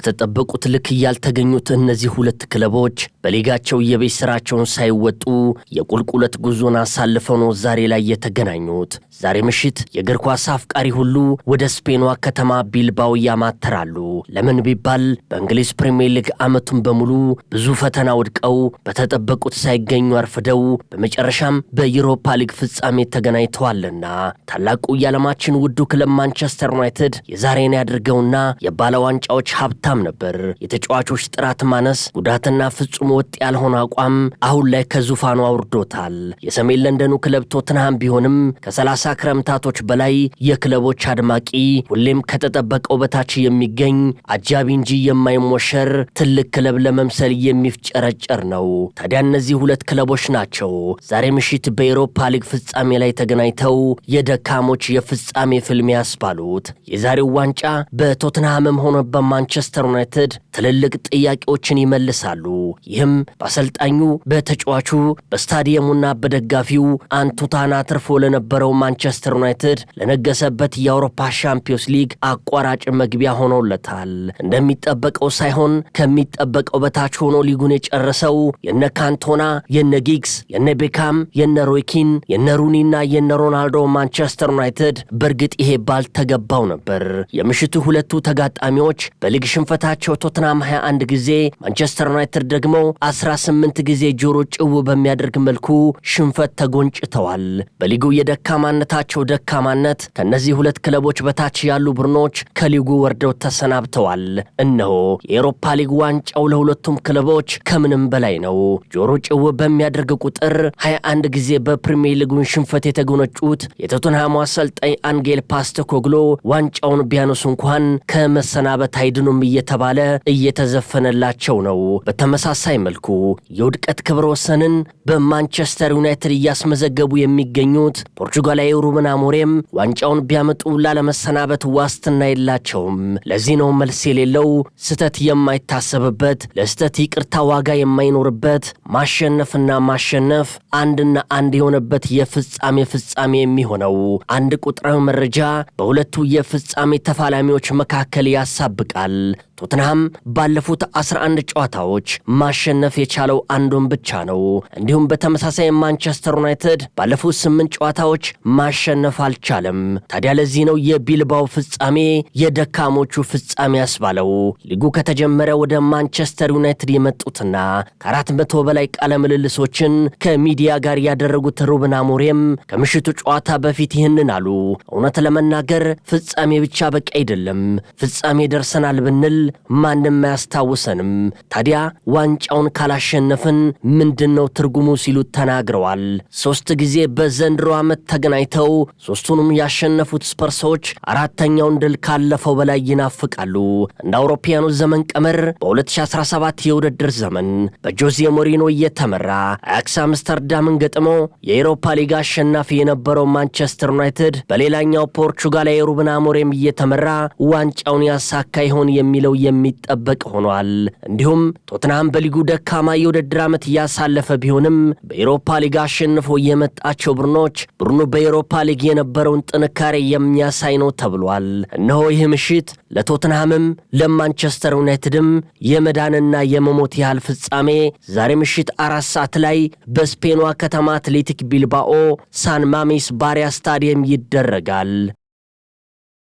በተጠበቁት ልክ ያልተገኙት እነዚህ ሁለት ክለቦች በሊጋቸው የቤት ስራቸውን ሳይወጡ የቁልቁለት ጉዞን አሳልፈው ነው ዛሬ ላይ የተገናኙት። ዛሬ ምሽት የእግር ኳስ አፍቃሪ ሁሉ ወደ ስፔኗ ከተማ ቢልባው ያማተራሉ። ለምን ቢባል በእንግሊዝ ፕሪምየር ሊግ ዓመቱን በሙሉ ብዙ ፈተና ወድቀው በተጠበቁት ሳይገኙ አርፍደው በመጨረሻም በዩሮፓ ሊግ ፍጻሜ ተገናኝተዋልና ታላቁ የዓለማችን ውዱ ክለብ ማንቸስተር ዩናይትድ የዛሬን ያድርገውና የባለ ዋንጫዎች ሀብታ አልተፈታም ነበር። የተጫዋቾች ጥራት ማነስ፣ ጉዳትና ፍጹም ወጥ ያልሆነ አቋም አሁን ላይ ከዙፋኑ አውርዶታል። የሰሜን ለንደኑ ክለብ ቶትንሃም ቢሆንም ከ30 ክረምታቶች በላይ የክለቦች አድማቂ ሁሌም ከተጠበቀው በታች የሚገኝ አጃቢ እንጂ የማይሞሸር ትልቅ ክለብ ለመምሰል የሚፍጨረጨር ነው። ታዲያ እነዚህ ሁለት ክለቦች ናቸው ዛሬ ምሽት በኤሮፓ ሊግ ፍጻሜ ላይ ተገናኝተው የደካሞች የፍጻሜ ፍልሚያ ያስባሉት። የዛሬው ዋንጫ በቶትንሃምም ሆነ በማንቸስተር ማንቸስተር ዩናይትድ ትልልቅ ጥያቄዎችን ይመልሳሉ። ይህም በአሰልጣኙ በተጫዋቹ በስታዲየሙና በደጋፊው አንቱታን አትርፎ ለነበረው ማንቸስተር ዩናይትድ ለነገሰበት የአውሮፓ ሻምፒዮንስ ሊግ አቋራጭ መግቢያ ሆኖለታል። እንደሚጠበቀው ሳይሆን ከሚጠበቀው በታች ሆኖ ሊጉን የጨረሰው የነ ካንቶና፣ የነ ጊግስ፣ የነ ቤካም፣ የነ ሮይኪን፣ የነ ሩኒና የነ ሮናልዶ ማንቸስተር ዩናይትድ በእርግጥ ይሄ ባልተገባው ነበር። የምሽቱ ሁለቱ ተጋጣሚዎች በሊግ ሽንፈ በሽንፈታቸው ቶትናም 21 ጊዜ ማንቸስተር ዩናይትድ ደግሞ 18 ጊዜ ጆሮ ጭው በሚያደርግ መልኩ ሽንፈት ተጎንጭተዋል። በሊጉ የደካማነታቸው ደካማነት ከእነዚህ ሁለት ክለቦች በታች ያሉ ቡድኖች ከሊጉ ወርደው ተሰናብተዋል። እነሆ የአውሮፓ ሊግ ዋንጫው ለሁለቱም ክለቦች ከምንም በላይ ነው። ጆሮ ጭው በሚያደርግ ቁጥር 21 ጊዜ በፕሪሚየር ሊጉን ሽንፈት የተጎነጩት የቶተንሃሙ አሰልጣኝ አንጌል ፓስተኮግሎ ዋንጫውን ቢያነሱ እንኳን ከመሰናበት አይድኑም እየ እየተባለ እየተዘፈነላቸው ነው። በተመሳሳይ መልኩ የውድቀት ክብረ ወሰንን በማንቸስተር ዩናይትድ እያስመዘገቡ የሚገኙት ፖርቹጋላዊ ሩበን አሞሪም ዋንጫውን ቢያመጡ ላለመሰናበት ዋስትና የላቸውም። ለዚህ ነው መልስ የሌለው ስህተት የማይታሰብበት ለስህተት ይቅርታ ዋጋ የማይኖርበት ማሸነፍና ማሸነፍ አንድና አንድ የሆነበት የፍጻሜ ፍጻሜ የሚሆነው። አንድ ቁጥራዊ መረጃ በሁለቱ የፍጻሜ ተፋላሚዎች መካከል ያሳብቃል። ቶትንሃም ባለፉት 11 ጨዋታዎች ማሸነፍ የቻለው አንዱን ብቻ ነው። እንዲሁም በተመሳሳይ ማንቸስተር ዩናይትድ ባለፉት 8 ጨዋታዎች ማሸነፍ አልቻለም። ታዲያ ለዚህ ነው የቢልባው ፍጻሜ የደካሞቹ ፍጻሜ ያስባለው። ሊጉ ከተጀመረ ወደ ማንቸስተር ዩናይትድ የመጡትና ከአራት መቶ በላይ ቃለ ምልልሶችን ከሚዲያ ጋር ያደረጉት ሩበን አሞሪም ከምሽቱ ጨዋታ በፊት ይህንን አሉ። እውነት ለመናገር ፍጻሜ ብቻ በቂ አይደለም። ፍጻሜ ደርሰናል ብንል ማንም አያስታውሰንም። ታዲያ ዋንጫውን ካላሸነፍን ምንድን ነው ትርጉሙ ሲሉ ተናግረዋል። ሶስት ጊዜ በዘንድሮ ዓመት ተገናኝተው ሦስቱንም ያሸነፉት ስፐርሶች አራተኛውን ድል ካለፈው በላይ ይናፍቃሉ። እንደ አውሮፓያኑ ዘመን ቀመር በ2017 የውድድር ዘመን በጆዜ ሞሪኖ እየተመራ አያክስ አምስተርዳምን ገጥሞ የኤሮፓ ሊግ አሸናፊ የነበረው ማንቸስተር ዩናይትድ በሌላኛው ፖርቹጋላዊ ሩበን አሞሪም እየተመራ ዋንጫውን ያሳካ ይሆን የሚለው የሚጠበቅ ሆኗል። እንዲሁም ቶትናም በሊጉ ደካማ የውድድር ዓመት እያሳለፈ ቢሆንም በኤሮፓ ሊግ አሸንፎ የመጣቸው ቡድኖች ቡድኑ በኤሮፓ ሊግ የነበረውን ጥንካሬ የሚያሳይ ነው ተብሏል። እነሆ ይህ ምሽት ለቶትንሃምም ለማንቸስተር ዩናይትድም የመዳንና የመሞት ያህል ፍጻሜ ዛሬ ምሽት አራት ሰዓት ላይ በስፔኗ ከተማ አትሌቲክ ቢልባኦ ሳን ማሜስ ባሪያ ስታዲየም ይደረጋል።